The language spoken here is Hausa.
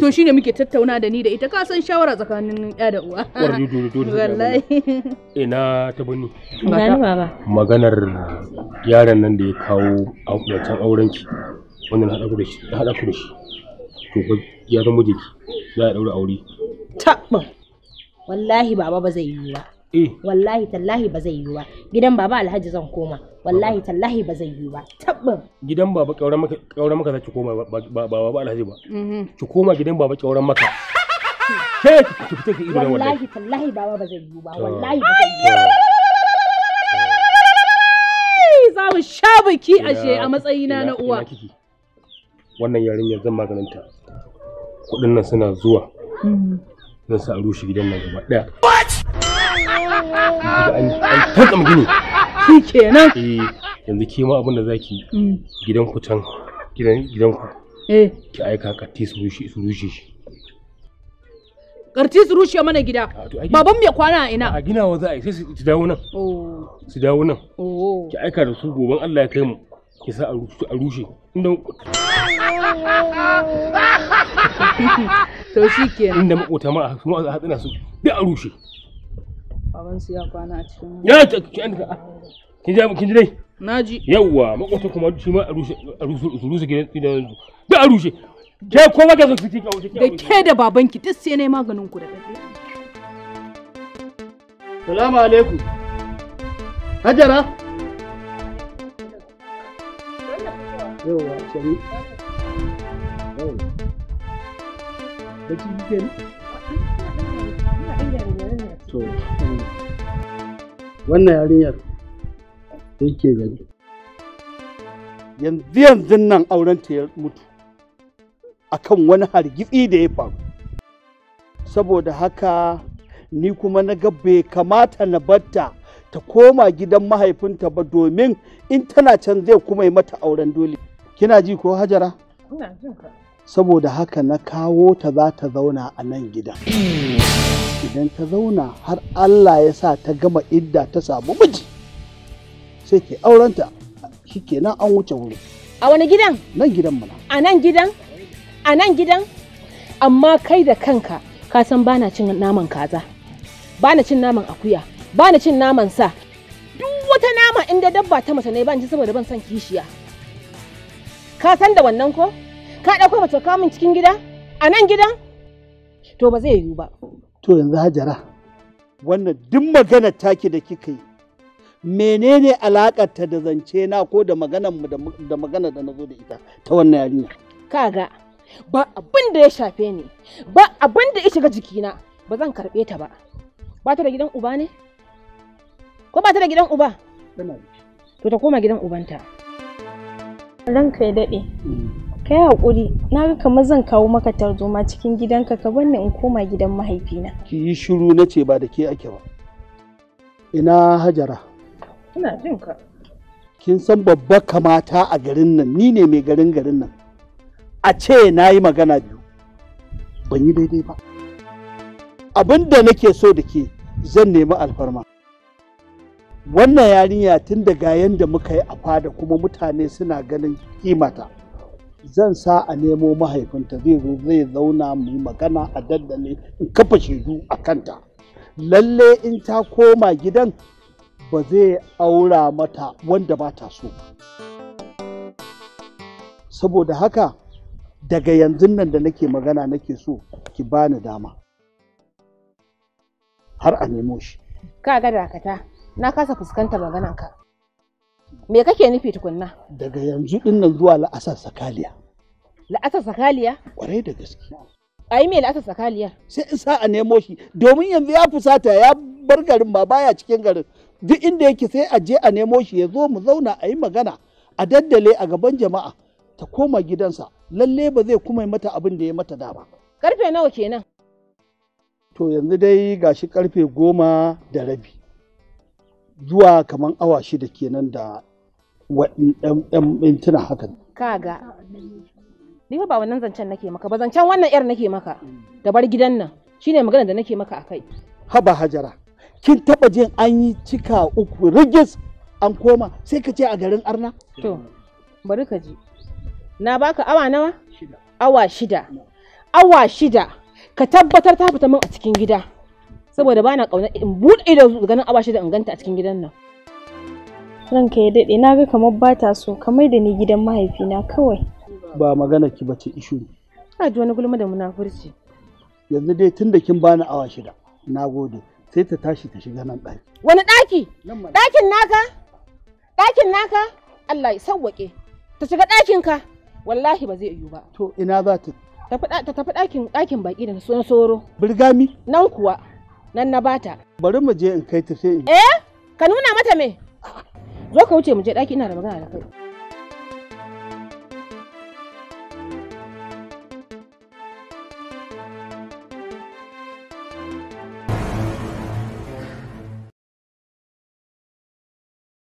to shi ne muke tattauna da ni da ita kasan shawara tsakanin ya da uwa wallahi ina ta bani maganar yaran nan da ya kawo wancan auren ki wannan na haɗa da shi na haɗa da shi to ya zama jiki za a ɗaura aure taɓa wallahi baba ba zai yi ba Eh. wallahi tallahi ba zai yi ba gidan baba alhaji zan koma wallahi tallahi ba zai yi ba tabbin gidan baba kauran maka zaki koma ba baba alhaji ba mhm. ki koma gidan baba kauran maka ke ki fita ki ido wallahi tallahi baba ba zai ba wallahi ba zai za mu sha biki ashe a matsayina na uwa wannan yarinyar zan maganinta kudin nan suna zuwa mhm. zan sa a rushe gidan nan gaba daya an tantsam gini shi kenan eh yanzu ke ma abin da zaki mm. gidan ku can gidan gidan ku eh ki aika karti su rushe su rushe shi karti su rushe mana gida baban mai kwana a ina a gina wa za a yi sai su dawo nan su dawo nan oh. oh. ki aika da su goban Allah ya kai mu ki sa a rushe inda to shi kenan inda makota ma a hatsina su duk a rushe ya kwana a cikin Ya ta kin ji kin dai. Naji. kuma shi ma a rushe a rushe gidan da a rushe. Ke ko maka fiti ka wuce Da ke da babanki duk sai maganin ku da Salamu alaikum. Hajara. shari. kike ne? To. wannan yarinyar da yake gani yanzu yanzu nan aurenta ya mutu akan wani hargitsi da ya faru saboda haka ni kuma na ga bai kamata na batta ta koma gidan mahaifinta ba domin in tana can zai kuma yi mata auren dole kina ji ko hajara saboda haka na kawo ta za ta zauna a nan gidan idan ta zauna har Allah ya sa ta gama idda ta samu miji sai ke aurenta kenan an wuce wuri a wani gidan nan gidan mana a nan gidan a nan gidan amma kai da kanka ka san bana cin naman kaza bana cin naman akuya bana cin naman sa duk wata nama inda dabba ta mace ne ban ci saboda ban san kishiya ka san da wannan ko ka dauko mace ka min cikin gida a nan gidan to ba zai yiwu ba to yanzu hajara wannan duk maganar taki da kika yi menene alakarta da zance na ko da maganar mu da maganar da na da ita ta wannan yarinya kaga ba abin da ya shafe ni ba abin da ya shiga jikina ba zan karɓe ta ba ba ta da gidan uba ne ko ba ta da gidan uba to ta koma gidan ubanta ranka ya daɗe mm. ka yi haƙuri na ga kamar zan kawo maka tarzoma cikin gidanka ka banni in koma gidan mahaifina ki yi shiru na ce ba da ke ake ba ina hajara ina jin ka kin san babba kamata a garin nan ni ne mai garin garin nan a ce na yi magana biyu ban yi daidai ba abin da nake so da ke zan nemi alfarma wannan yarinya tun da gayan da muka yi a fada kuma mutane suna ganin kimata zan sa a nemo mahaifinta zai zo zai zauna mu magana a dandali in kafa shaidu a kanta lalle in ta koma gidan ba zai aura mata wanda ba ta so saboda haka daga yanzu nan da nake magana nake so ki bani dama har a nemo shi ka ga dakata na kasa maganan maganarka Me kake nufi tukunna? Daga yanzu din zuwa la'asar sakaliya. La'asar sakaliya? Kwarai da gaske. A yi mai la'asar sakaliya? Sai in sa a nemo shi domin yanzu ya fusata ya bar garin ba baya cikin garin. Duk inda yake sai a je a nemo shi ya zo mu zauna a yi magana a daddale a gaban jama'a ta koma gidansa lalle ba zai kuma mata abin da ya mata da ba. Karfe nawa kenan? To yanzu dai gashi karfe goma da rabi. zuwa kamar awa shida kenan da ɗan mintuna haka kaga ni ba wannan zancen nake maka ba zancen wannan yar nake maka da bar gidan nan shine magana da nake maka akai haba hajara kin taba jin an yi cika uku rigis an koma sai ka ce a garin arna to bari ka ji na baka awa nawa awa shida awa shida ka tabbatar ta fita min a cikin gida saboda bana kauna in buɗe ido ganin bashi da inganta a cikin gidan nan ranka ya daɗe na ga kamar ba ta so kamar da ni gidan mahaifina kawai ba magana ki bace ishu a ji wani gulma da munafurci yanzu dai tunda kin bani awa shida na gode sai ta tashi ta shiga nan ɗaki wani daki dakin naka ɗakin naka Allah ya sauke. ta shiga ka. wallahi ba zai yiwu ba to ina za ta tafi ɗakin dakin baki da na soro birgami nan kuwa nan na bata bari mu je in kai ta sai in. eh ka nuna mata me zo ka wuce mu je daki ina da magana da kai